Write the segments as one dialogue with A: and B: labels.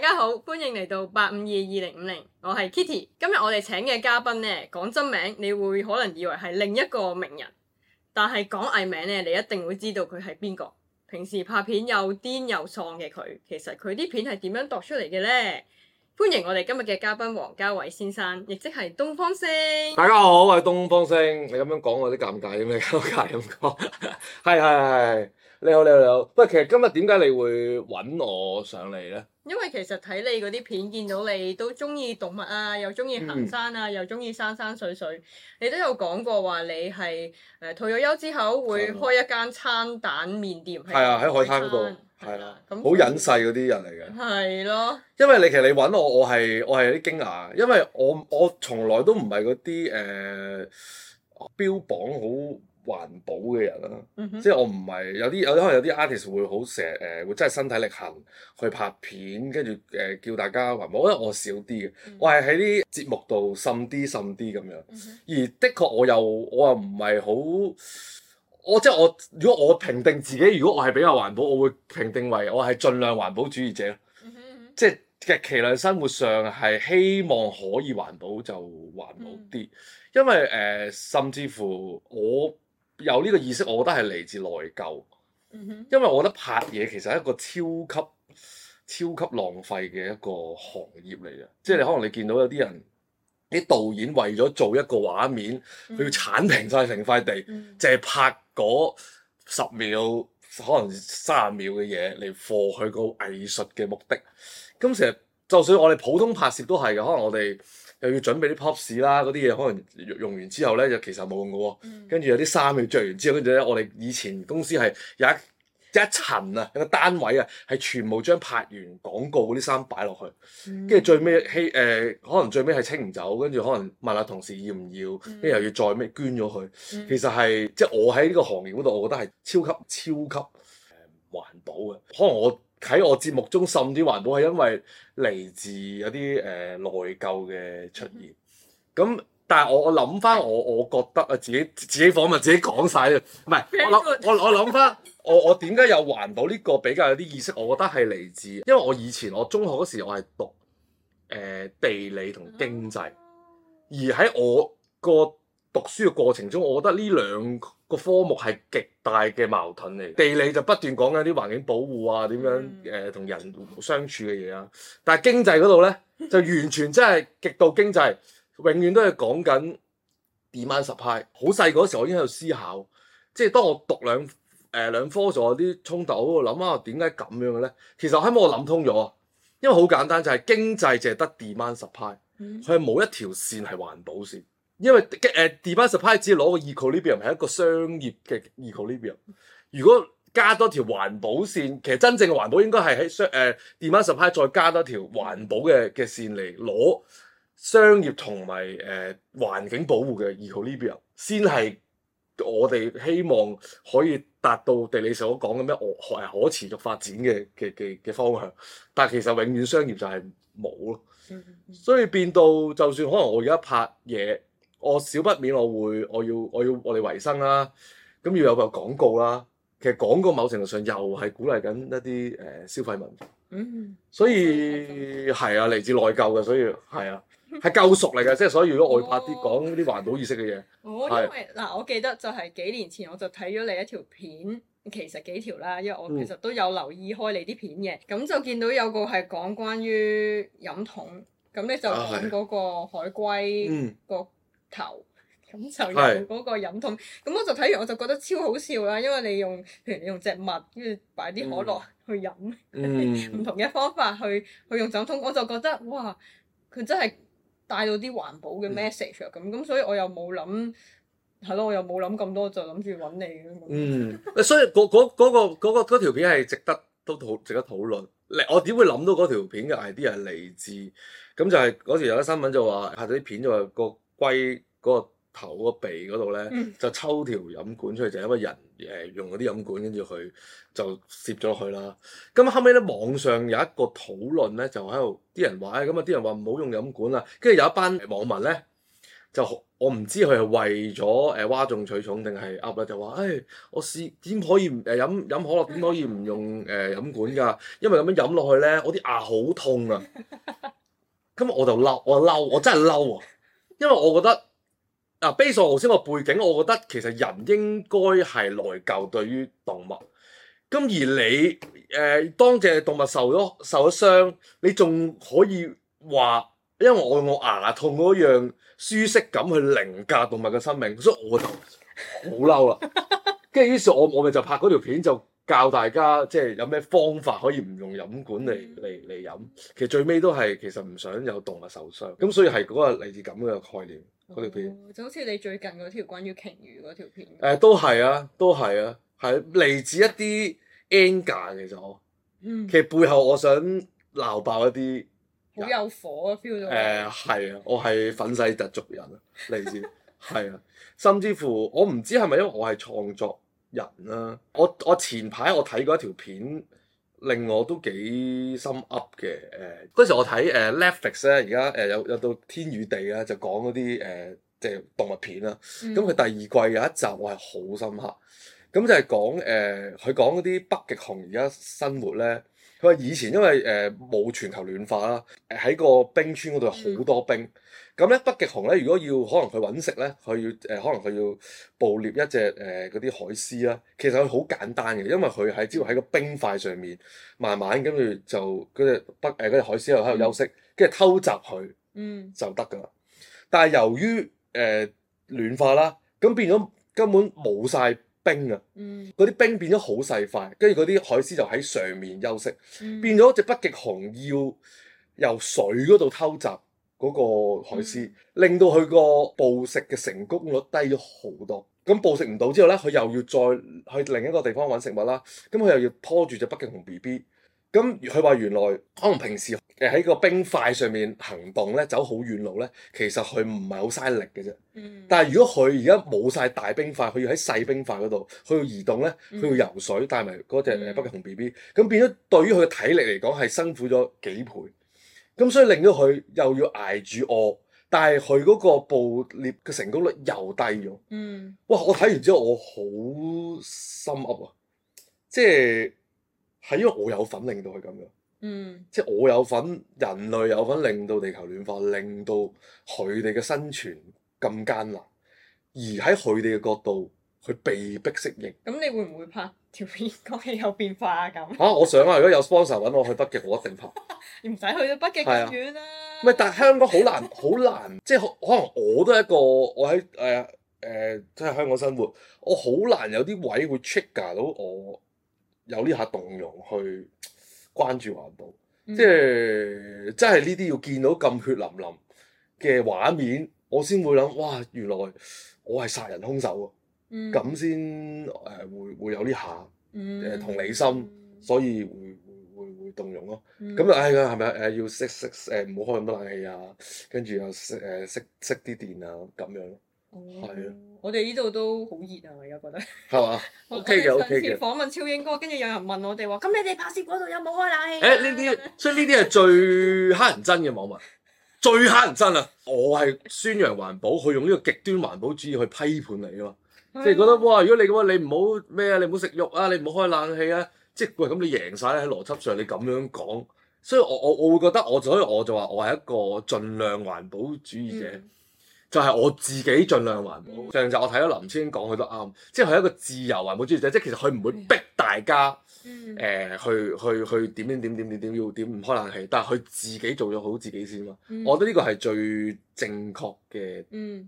A: 大家好，歡迎嚟到八五二二零五零，我係 Kitty。今日我哋請嘅嘉賓呢，講真名你會可能以為係另一個名人，但係講藝名呢，你一定會知道佢係邊個。平時拍片又癲又喪嘅佢，其實佢啲片係點樣度出嚟嘅呢？歡迎我哋今日嘅嘉賓王嘉偉先生，亦即係東方昇。
B: 大家好，我係東方昇。你咁樣講我啲尷尬咩？尷尬咁講？係係係。你好你好你好，不過其實今日點解你會揾我上嚟咧？
A: 因為其實睇你嗰啲片，見到你都中意動物啊，又中意行山啊，嗯、又中意山山水水。你都有講過話你係誒退咗休之後會開一間餐蛋麵店。係啊的，喺海灘嗰度，
B: 係啊，好的就隱世嗰啲人嚟嘅。係咯的。因為你其實你揾我，我係我係有啲驚訝，因為我我從來都唔係嗰啲誒標榜好環保嘅人啦、啊，嗯、哼即係我唔係有啲有可能有啲 artist 會好成日誒會真係身體力行去拍片，跟住誒叫大家環保。因為我少啲嘅，嗯、哼我係喺啲節目度滲啲滲啲咁樣。而的確我又我又唔係好，我即係我如果我評定自己，如果我係比較環保，我會評定為我係盡量環保主義者咯。嗯、哼即係嘅，其量生活上係希望可以環保就環保啲，嗯、因為誒、呃、甚至乎我。有呢個意識，我覺得係嚟自內疚，mm hmm. 因為我覺得拍嘢其實係一個超級超級浪費嘅一個行業嚟嘅，mm hmm. 即係你可能你見到有啲人啲導演為咗做一個畫面，佢要剷平晒成塊地，淨係、mm hmm. 拍嗰十秒可能三十秒嘅嘢嚟貨佢個藝術嘅目的。咁其實就算我哋普通拍攝都係嘅，可能我哋。又要準備啲 pop 士啦，嗰啲嘢可能用完之後呢，就其實冇用嘅喎、喔。跟住、嗯、有啲衫要着完之後，跟住呢，我哋以前公司係有一一層啊，有個單位啊，係全部將拍完廣告嗰啲衫擺落去，跟住、嗯、最尾希誒，可能最尾係清唔走，跟住可能問下同事要唔要，跟住、嗯、又要再咩捐咗佢。嗯、其實係即係我喺呢個行業嗰度，我覺得係超級超級誒、呃、環保嘅。可能我。喺我節目中，甚至環保係因為嚟自有啲誒內疚嘅出現。咁，但係我我諗翻我我覺得啊，自己自己訪問自己講晒，唔係我諗我我諗翻我我點解有環保呢個比較有啲意識？我覺得係嚟自，因為我以前我中學嗰時我係讀誒、呃、地理同經濟，而喺我個讀書嘅過程中，我覺得呢兩。個科目係極大嘅矛盾嚟，地理就不斷講緊啲環境保護啊，點樣誒同、呃、人相處嘅嘢啊。但係經濟嗰度咧，就完全真係極度經濟，永遠都係講緊 demand supply。好細嗰時我已經喺度思考，即係當我讀兩誒兩科咗啲衝突，我喺度諗點解咁樣嘅咧？其實後尾我諗通咗啊，因為好簡單，就係經濟淨係得 demand supply，佢係冇一條線係環保線。因為誒 Demand Supply 只攞個 equilibrium 係一個商業嘅 equilibrium，如果多加多條環保線，其實真正嘅環保應該係喺商誒 Demand Supply 再加多條環保嘅嘅線嚟攞商業同埋誒環境保護嘅 equilibrium，先係我哋希望可以達到地理上所講嘅咩可可持續發展嘅嘅嘅嘅方向。但係其實永遠商業就係冇咯，所以變到就算可能我而家拍嘢。我少不免，我會我要我要我哋維生啦，咁要有個廣告啦。其實廣告某程度上又係鼓勵緊一啲誒消費文化，嗯，所以係啊，嚟自內疚嘅，所以係啊，係救贖嚟嘅，即係所以如果外拍啲講啲環保意識嘅嘢，我、哦、因為
A: 嗱是、啊，我記得就係幾年前我就睇咗你一條片，其實幾條啦，因為我其實都有留意開你啲片嘅，咁、嗯嗯、就見到有個係講關於飲筒，咁你就講嗰個海龜、嗯、個海龜。嗯嗯頭咁就用嗰個飲筒，咁是我就睇完我就覺得超好笑啦，啊，因為你用，譬如你用植物，跟住擺啲可樂去飲，唔，嗯、同嘅方法去去用飲筒，我就覺得哇，佢真係帶到啲環保嘅 message 咁，咁、嗯、所以我又冇諗，係咯，我又冇諗咁多，就諗住搵你
B: 嗯，所以嗰嗰、嗰個、嗰個條、嗰個嗰個嗰個嗰個、片係值得都討值得討論。我點會諗到嗰條片嘅 idea 係嚟自，咁就係嗰時有啲新聞就話拍咗啲片，就話個。龜嗰個頭、個鼻嗰度咧，就抽條飲管出去，就係因為人誒用嗰啲飲管，跟住佢就攝咗落去啦。咁後尾咧，網上有一個討論咧，就喺度，啲人話咁啊，啲人話唔好用飲管啦。跟住有一班網民咧，就我唔知佢係為咗誒嘩眾取寵定係噏啦，就話誒，我試點可以唔誒飲飲可樂，點可以唔用誒飲管噶？因為咁樣飲落去咧，我啲牙好痛啊。咁我就嬲，我嬲，我真係嬲啊！因為我覺得啊，Base on 頭先個背景，我覺得其實人應該係內疚對於動物。咁、嗯、而你誒、呃，當隻動物受咗受咗傷，你仲可以話，因為我我牙痛嗰樣舒適感去凌駕動物嘅生命，所以我覺得好嬲啦。跟住於是我，我我咪就拍嗰條片就。教大家即係有咩方法可以唔用飲管嚟嚟嚟飲，其實最尾都係其實唔想有動物受傷，咁所以係嗰個嚟自咁嘅概念嗰條片。
A: 哦、就好似你最近嗰條關於鯨魚嗰條片。
B: 誒、呃，都係啊，都係啊，係嚟、啊、自一啲 anger 其實、嗯、其實背後我想鬧爆一啲
A: 好有火嘅、啊、feel。誒，
B: 係、呃、啊，我係憤世嫉俗嘅人嚟自，係 啊，甚至乎我唔知係咪因為我係創作。人啦、啊，我我前排我睇過一條片令我都幾心噏嘅，誒、呃、嗰時我睇誒、呃、Netflix 咧、呃，而家誒有有到天與地咧、啊，就講嗰啲誒即係動物片啦、啊。咁佢、嗯、第二季有一集我係好深刻，咁就係講誒佢、呃、講嗰啲北極熊而家生活咧。佢話以前因為誒冇、呃、全球暖化啦，喺、呃、個冰川嗰度好多冰。嗯咁咧，北極熊咧，如果要可能佢搵食咧，佢要誒，可能佢要，、呃、要捕獵一隻誒嗰啲海獅啦。其實佢好簡單嘅，因為佢係只要喺個冰塊上面慢慢，跟住就嗰隻北誒隻、呃、海獅喺度休息，跟住偷襲佢，嗯，就得噶啦。但係由於誒、呃、暖化啦，咁變咗根本冇晒冰啊，嗰啲、嗯、冰變咗好細塊，跟住嗰啲海獅就喺上面休息，嗯、變咗隻北極熊要由水嗰度偷襲。嗰個海獅、嗯、令到佢個捕食嘅成功率低咗好多，咁捕食唔到之後呢，佢又要再去另一個地方揾食物啦，咁佢又要拖住隻北極熊 B B，咁佢話原來可能平時喺個冰塊上面行動呢，走好遠路呢，其實佢唔係好嘥力嘅啫，嗯、但係如果佢而家冇晒大冰塊，佢要喺細冰塊嗰度佢要移動呢，佢要游水帶埋嗰隻北極熊 B B，咁變咗對於佢體力嚟講係辛苦咗幾倍。咁所以令到佢又要捱住餓，但係佢嗰個捕獵嘅成功率又低咗。嗯，哇！我睇完之後我好心噏啊，即係係因為我有份令到佢咁樣。嗯，即係我有份，人類有份令到地球暖化，令到佢哋嘅生存咁艱難，而喺佢哋嘅角度。佢被逼適應。
A: 咁你會唔會拍條片講氣候變化啊？咁嚇，
B: 我想啊！如果有 sponsor 揾我去北極，我一定拍。 你
A: 唔使去到北極咁遠啦、
B: 啊。唔係、啊，但係香港好難，好難，即係可能我都係一個，我喺誒誒，即、呃、係、呃、香港生活，我好難有啲位會 trigger 到我有呢下動容去關注環保。嗯、即係真係呢啲要見到咁血淋淋嘅畫面，我先會諗哇，原來我係殺人兇手啊！咁先誒會會有啲下誒同、嗯、理心，所以會、嗯、會會會動容咯。咁、嗯、啊，誒係咪誒要熄熄誒唔好開咁多冷氣啊？跟住又熄誒熄熄啲電啊咁樣咯。
A: 係啊吧，我哋呢度都好熱啊！而家覺得
B: 係嘛？O K 嘅，O K 嘅。上次、 okay okay、訪
A: 問超英哥，跟住有人問我哋話：咁你哋拍攝嗰度有冇開冷氣？誒呢
B: 啲，所以呢啲係最乞人憎嘅網民， 最乞人憎啦！我係宣揚環保，佢用呢個極端環保主義去批判你啊。即係覺得哇！如果你咁樣，你唔好咩啊？你唔好食肉啊！你唔好開冷氣啊！即係喂咁，你贏晒咧喺邏輯上，你咁樣講，所以我我我會覺得我所以我就話我係一個盡量環保主義者，就係我自己盡量環保。上次我睇到林超英講，佢都啱，即係佢一個自由環保主義者，即係其實佢唔會逼大家誒去去去點點點點點點要點唔開冷氣，但係佢自己做咗好自己先嘛。我覺得呢個係最正確嘅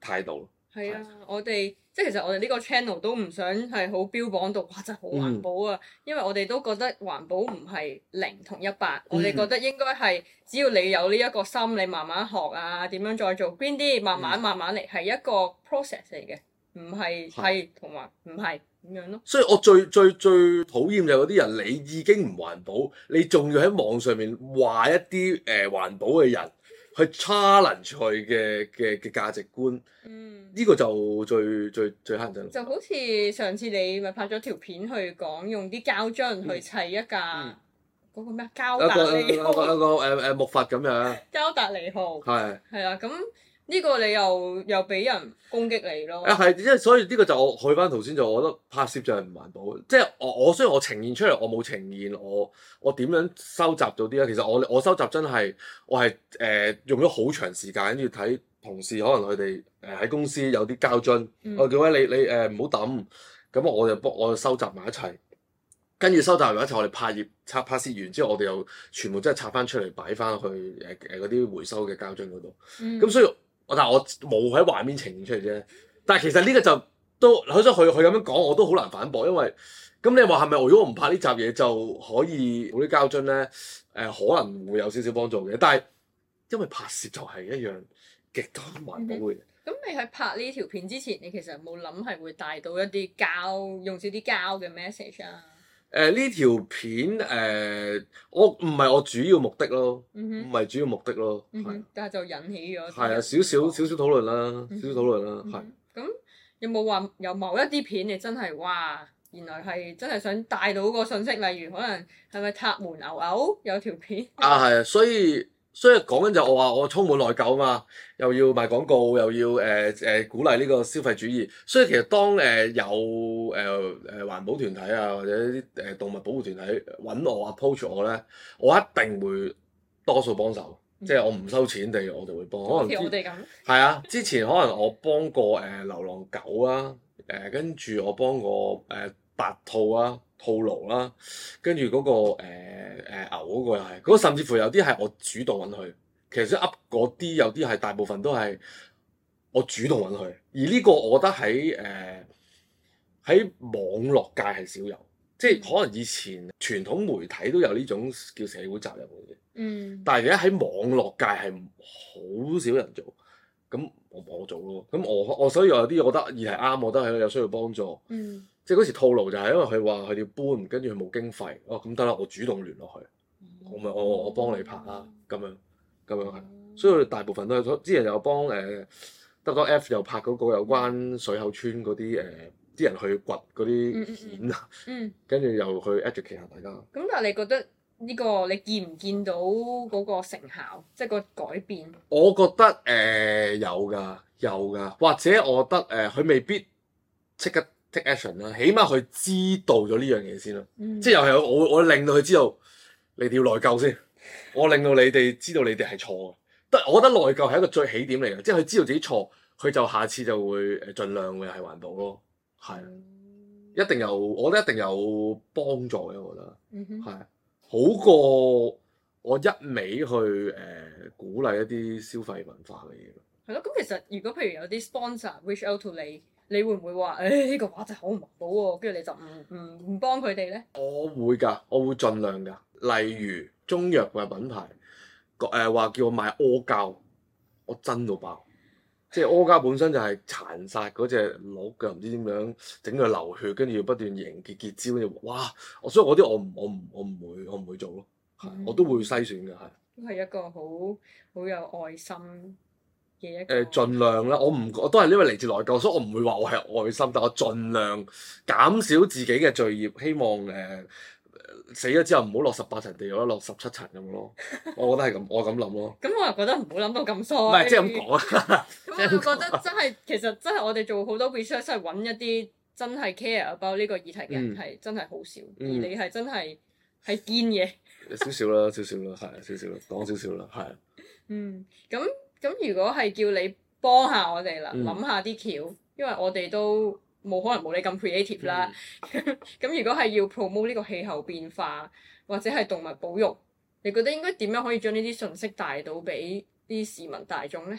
B: 態度。
A: 係啊，我哋。即係其實我哋呢個 channel 都唔想係好標榜到，哇！真係好環保啊，因為我哋都覺得環保唔係零同一百，嗯、我哋覺得應該係只要你有呢一個心，你慢慢學啊，點樣再做 green 啲，慢慢慢慢嚟，係、嗯、一個 process 嚟嘅，唔係係同埋唔係咁樣咯。
B: 所以我最最最討厭就係嗰啲人，你已經唔環保，你仲要喺網上面話一啲誒、呃、環保嘅人，去 challenge 佢嘅嘅嘅價值觀，呢、嗯、個就最最最慳真。就
A: 好似上次你咪拍咗條片去講，用啲膠樽去砌一架嗰、嗯、個咩膠達尼號，一個,一個,
B: 一個,一個,一個木筏咁樣。
A: 膠達尼號係係啊，咁的。的呢個你又又俾
B: 人攻擊你咯？啊，係，即係所以呢個就我去翻頭先，就我覺得拍攝就係唔環保。即係我我雖然我呈現出嚟，我冇呈現我我點樣收集到啲咧。其實我我收集真係我係誒、呃、用咗好長時間，跟住睇同事可能佢哋誒喺公司有啲膠樽，我叫佢你你誒唔好抌，咁、呃、我就幫我就收集埋一齊，跟住收集埋一齊，我哋拍嘢拆拍攝完之後，我哋又全部真係拆翻出嚟擺翻去誒誒嗰啲回收嘅膠樽嗰度。咁、嗯、所以。但我但係我冇喺畫面呈現出嚟啫，但係其實呢個就都，好想佢佢咁樣講我都好難反駁，因為咁你話係咪如果我唔拍呢集嘢就可以嗰啲膠樽咧，誒、呃、可能會有少少幫助嘅，但係因為拍攝就係一樣極度唔環保嘅嘢。
A: 咁 你喺拍呢條片之前，你其實冇諗係會帶到一啲膠，用少啲膠嘅 message 啊？
B: 誒呢條片誒、呃，我唔係我主要目的咯，唔係、嗯、哼主要目的咯，嗯
A: 哼啊、但係就引起咗，係
B: 啊，少少少少討論啦，嗯、哼少少討論啦，係、嗯
A: 哼。咁、啊嗯、有冇話有,有某一啲片你真係哇，原來係真係想帶到個信息，例如可能係咪塔門牛牛有條片？
B: 啊係，所以。所以所以講緊就我話我充滿內疚啊嘛，又要賣廣告又要誒誒、呃呃、鼓勵呢個消費主義，所以其實當誒、呃、有誒誒、呃、環保團體啊或者啲誒、呃、動物保護團體揾我啊 approach 我咧，我一定會多數幫手，嗯、即係我唔收錢地我就會幫，可能似我哋咁。係啊，之前可能我幫過誒、呃、流浪狗啊，誒跟住我幫過誒、呃、白兔啊。套路啦，跟住嗰個誒、呃呃、牛嗰個又係，嗰甚至乎有啲係我主動揾佢，其實噏嗰啲有啲係大部分都係我主動揾佢，而呢個我覺得喺誒喺網絡界係少有，即係可能以前傳統媒體都有呢種叫社會責任嘅嘢，嗯，但係而家喺網絡界係好少人做，咁我做咯，咁我我所以有啲我覺得而係啱，我覺得係有需要幫助，嗯。即係嗰時套路就係，因為佢話佢哋要搬，跟住佢冇經費，哦咁得啦，我主動聯絡佢，我咪我我我幫你拍啦，咁樣咁樣係，所以大部分都係之前有幫誒得咗 F 又拍嗰、嗰個有關水口村嗰啲誒啲人去掘嗰啲蜆啊，嗯嗯嗯、跟住又去 educate 下大家。
A: 咁但係你覺得呢個你見唔見到嗰個成效，即係個改變？
B: 我覺得誒、呃、有㗎有㗎，或者我覺得誒佢、呃、未必即刻。Take action 啦，起碼佢知道咗呢樣嘢先咯，嗯、即係又係我我令到佢知道你哋要內疚先，我令到你哋知道你哋係錯，但係我覺得內疚係一個最起點嚟嘅，即係佢知道自己錯，佢就下次就會誒盡量會係環保咯，係、嗯、一定有，我覺得一定有幫助嘅，我覺得係、嗯、哼好過我一味去誒、呃、鼓勵一啲消費文化嘅嘢。
A: 係咯、嗯哼，咁其實如果譬如有啲 sponsor wish out to 你。你會唔會話誒呢個話真係好唔環保喎？跟住你就唔唔唔幫佢哋咧？
B: 我會㗎，我會盡量㗎。例如中藥嘅品牌，誒、呃、話叫我買阿膠，我真到爆。即係阿膠本身就係殘殺嗰隻鹿嘅，唔知點樣整佢流血，跟住要不斷凝結結焦。跟住哇，所以我啲我我我唔會我唔會做咯、嗯。我都會篩選嘅，都
A: 係一個好好有愛心。
B: 誒，儘量啦、啊。我唔，我都係因為嚟自內疚，所以我唔會話我係愛心，但我儘量減少自己嘅罪孽。希望誒、呃、死咗之後唔好落十八層地獄，落十七層咁咯。我覺得係咁，我咁諗咯。
A: 咁 我又覺得唔好諗到咁衰。唔係，即係咁講。我覺
B: 得
A: 真係，其實真係我哋做好多 research，真係揾一啲真係 care about 呢個議題嘅人係真係好少，嗯、而你係真係係堅嘅。
B: 少少啦，少少啦，係少少啦，講少少啦，係。嗯，
A: 咁。咁如果係叫你幫下我哋啦，諗下啲橋，因為我哋都冇可能冇你咁 creative 啦。咁、嗯、 如果係要 promote 呢個氣候變化或者係動物保育，你覺得應該點樣可以將呢啲信息帶到俾啲市民大眾呢？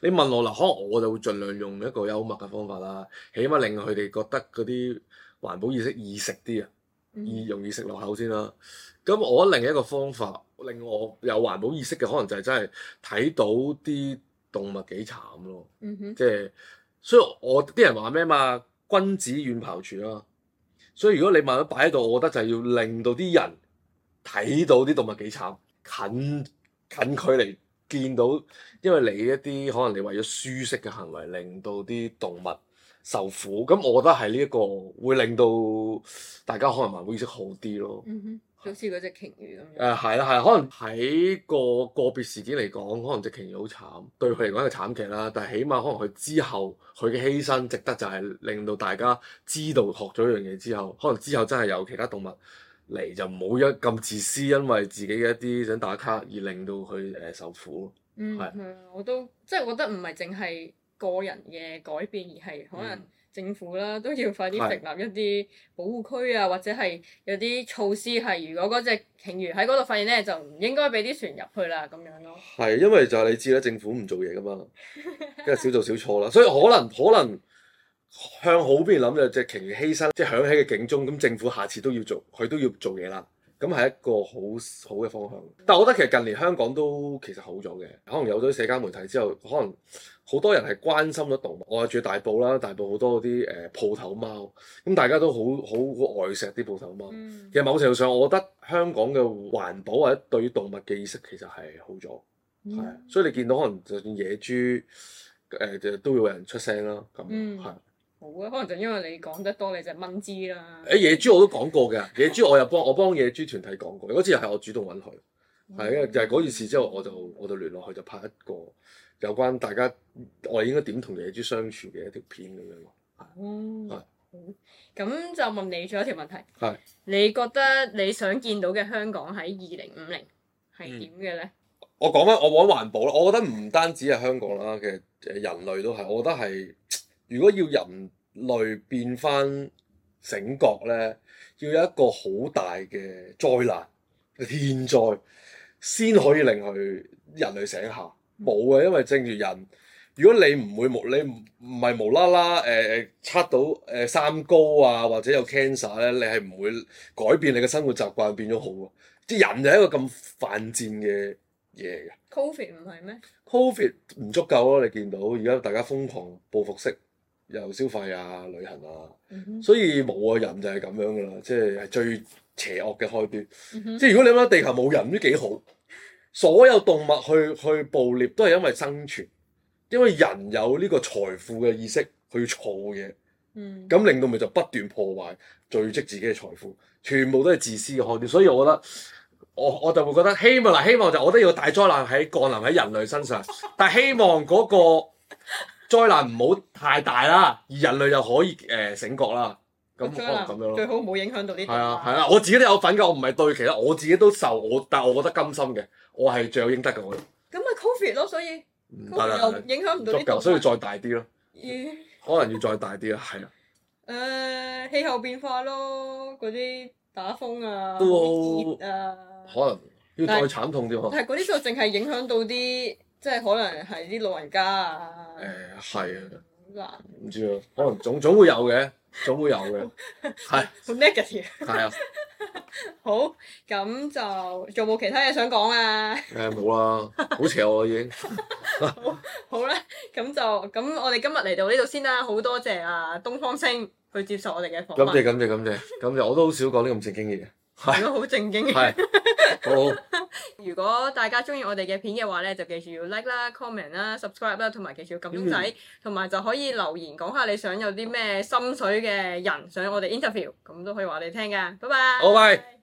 B: 你問落啦，可能我就會盡量用一個幽默嘅方法啦，起碼令佢哋覺得嗰啲環保意識易食啲啊，易容易食落口先啦。咁我另一個方法。令我有環保意識嘅，可能就係真係睇到啲動物幾慘咯。Mm hmm. 即係，所以我啲人話咩嘛？君子遠庖廚咯。所以如果你萬一擺喺度，我覺得就係要令到啲人睇到啲動物幾慘，近近距離見到，因為你一啲可能你為咗舒適嘅行為，令到啲動物受苦。咁我覺得係呢一個會令到大家可能環保意識好啲咯。Mm
A: hmm. 好似嗰隻鯨魚
B: 咁樣誒，係啦係啦。可能喺個個別事件嚟講，可能隻鯨魚好慘，對佢嚟講一個慘劇啦。但係起碼可能佢之後佢嘅犧牲值得，就係令到大家知道學咗一樣嘢之後，可能之後真係有其他動物嚟就冇一咁自私，因為自己嘅一啲想打卡而令到佢誒受苦咯、嗯。嗯，係
A: 我都即係覺得唔係淨係個人嘅改變，而係可能、嗯。政府啦，都要快啲設立一啲保護區啊，是或者係有啲措施係如果嗰隻鯨魚喺嗰度發現咧，就唔應該俾啲船入去啦咁樣咯。
B: 係，因為就係你知啦，政府唔做嘢噶嘛，即係 少做少錯啦。所以可能可能向好邊諗，有隻鯨魚犧牲，即係響起嘅警鐘，咁政府下次都要做，佢都要做嘢啦。咁係一個好好嘅方向。但係我覺得其實近年香港都其實好咗嘅，可能有咗社交媒體之後，可能。好多人係關心咗動物，我住大埔啦，大埔好多啲誒鋪頭貓，咁大家都好好愛錫啲鋪頭貓。嗯、其實某程度上，我覺得香港嘅環保或者對於動物嘅意識其實係好咗，係、嗯、所以你見到可能就算野豬誒，呃、就都有人出聲啦。咁係、嗯、係好啊，可能就因
A: 為你講得多，你就
B: 蚊知啦。誒野豬我都講過嘅，野豬我又幫我幫野豬團體講過。嗰次又係我主動揾佢，係因為就係嗰件事之後，我就我就聯絡佢，就拍一個。有關大家我哋應該點同野豬相處嘅一條片咁樣咯。哦，好是，
A: 咁、嗯、就問你咗一條問題。係是，你覺得你想見到嘅香港喺二零五零係點嘅咧？
B: 我講翻，我講環保啦。我覺得唔單止係香港啦，其實人類都係。我覺得係，如果要人類變翻醒覺咧，要有一個好大嘅災難，天災，先可以令佢人類醒下。冇啊，因為正如人，如果你唔會你無你唔唔係無啦啦誒誒測到誒、呃、三高啊或者有 cancer 咧，你係唔會改變你嘅生活習慣變咗好即、啊、係人就係一個咁犯賤嘅嘢嘅。
A: Covid
B: 唔係咩？Covid 唔足夠咯、啊，你見到而家大家瘋狂報復式又消費啊、旅行啊，嗯、哼所以冇啊，人就係咁樣㗎喇，即係係最邪惡嘅開端。嗯、哼即係如果你諗下地球冇人，都知幾好。所有動物去去捕獵都係因為生存，因為人有呢個財富嘅意識去儲嘢，嗯，咁令到咪就不斷破壞，聚積自己嘅財富，全部都係自私嘅概念。所以我覺得，我我就會覺得希望嗱，希望就係、我都要大災難喺降臨喺人類身上， 但希望嗰個災難唔好太大啦，而人類又可以誒、呃、醒覺啦，咁 我咁樣咯，最好冇影響到啲，係啊，係啊，我自己都有份㗎，我唔係對其他，我自己都受我，我，但我覺得甘心嘅。我係最有應得嘅。我。
A: 咁咪 Covid 咯，所以又影響唔到啲。唔足夠，所以要再大啲咯。要。
B: 可能要再大啲啦，係啦。誒、
A: 呃，氣候變化咯，嗰啲打風啊，都啲、呃、熱啊，
B: 可能要再慘痛啲喎，啊。但係嗰
A: 啲就淨係影響到啲，即係可能係啲老人家啊。誒、呃，係啊。好難。
B: 唔知啊，可能總總會有嘅，總會有嘅。係。
A: 好 negative、 嗯。係 neg 啊。好，咁就仲冇其他嘢想講啊？
B: 誒，冇啦，好邪惡啊，已經。
A: 好，好啦，咁就咁，我哋今日嚟到呢度先啦，好多謝啊東方昇去接受我哋嘅訪問。感謝感
B: 謝感謝感謝，我都好少講啲咁正經嘅嘢。 係好正經，好，好。
A: 如果大家中意我哋嘅片嘅話咧，就記住要 like 啦、comment 啦、subscribe 啦，同埋記住要撳鐘仔，同埋、嗯、就可以留言講下你想有啲咩心水嘅人上我哋 interview，咁都可以話你聽㗎。拜拜。好
B: 拜吧。